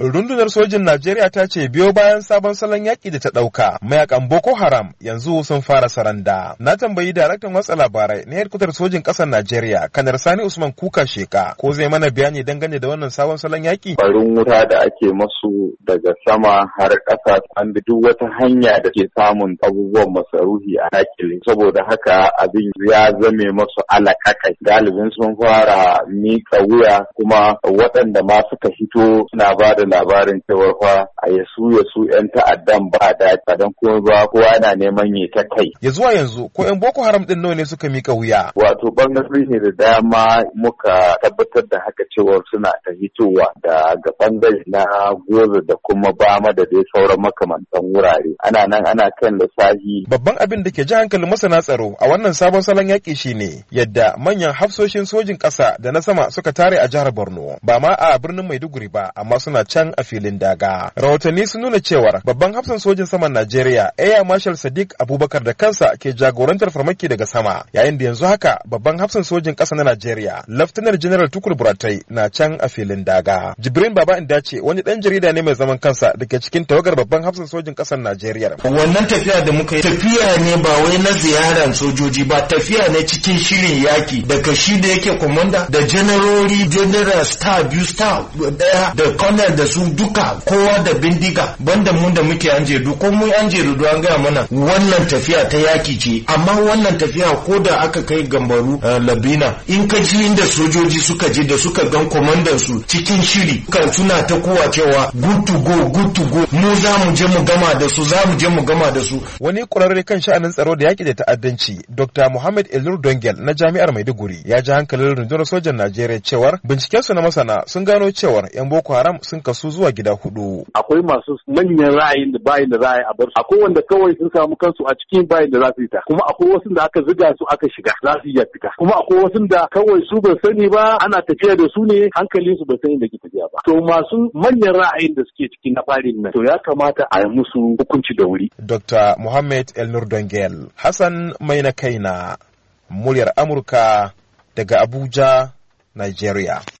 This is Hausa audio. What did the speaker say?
Rundunar sojin Najeriya ta ce biyo bayan sabon salon yaƙi da ta ɗauka, mayakan Boko Haram yanzu sun fara saranda. Na tambayi daraktan watsa labarai na hedkwatar sojin ƙasar Najeriya, Kanar Sani Usman Kuka Sheka, ko zai mana bayani dangane da wannan sabon salon yaƙi? Barin wuta da ake masu daga sama har ƙasa an bi duk wata hanya da ke samun abubuwan masarufi a hakili. Saboda haka abin ya zame masu alaƙaƙai. Galibin sun fara miƙa wuya kuma waɗanda ma suka fito suna ba da labarin cewar fa a yasu su yan ta'addan ba da dan kuma ba kowa yana neman ya ta kai ya zuwa yanzu ko yan boko haram din nawa ne suka mika wuya wato bangaren ne da dama muka tabbatar da haka cewar suna ta hitowa daga bangaren na goza da kuma bama da dai sauran makamantan wurare ana nan ana kan lissafi babban abin da ke ji hankalin masana tsaro a wannan sabon salon yaƙi shine yadda manyan hafsoshin sojin ƙasa da na sama suka tare a jihar Borno ba ma a birnin Maiduguri ba amma suna can a filin daga rahotanni sun nuna cewar babban hafsan sojin saman najeriya air marshal sadiq abubakar da kansa ke jagorantar farmaki daga sama yayin da yanzu haka babban hafsan sojin ƙasa na najeriya laftanar general tukur buratai na can a filin daga jibrin baba inda ce wani ɗan jarida ne mai zaman kansa daga cikin tawagar babban hafsan sojin ƙasar najeriya wannan tafiya da muka yi tafiya ne ba wai na ziyaran sojoji ba tafiya ne cikin shirin yaki daga shi da yake komanda da generori general star biyu star daya da colonel da su duka kowa da bindiga banda mu da muke an jedu ko mun an jedu an gaya mana wannan tafiya ta yaki ce amma wannan tafiya ko da aka kai gambaru eh, labina in ka ji inda sojoji suka je da suka gan komandan su cikin shiri kan suna ta kowa cewa good to go good go mu za mu je mu gama da su za mu je mu gama da su wani kurarre kan sha'anin tsaro da yaki da ta'addanci dr muhammad elnur dongel na jami'ar maiduguri ya ji hankalin rundunar sojan najeriya cewar binciken su na masana sun gano cewar yan boko haram sun kasu zuwa gida hudu. Akwai masu manyan ra'ayin da bayan da ra'ayi a bar su. Akwai wanda kawai sun samu kansu a cikin bayan da za su fita. Kuma akwai wasu da aka ziga su aka shiga za su iya fita. Kuma akwai wasu da kawai su ba sani ba ana tafiya da su ne hankalinsu su ba sani da ke ba. To masu manyan ra'ayin da suke cikin na farin nan. To ya kamata a yi musu hukunci da wuri. Dr. Muhammad El Nur Dangel, Hassan kai na muryar Amurka daga Abuja, Nigeria.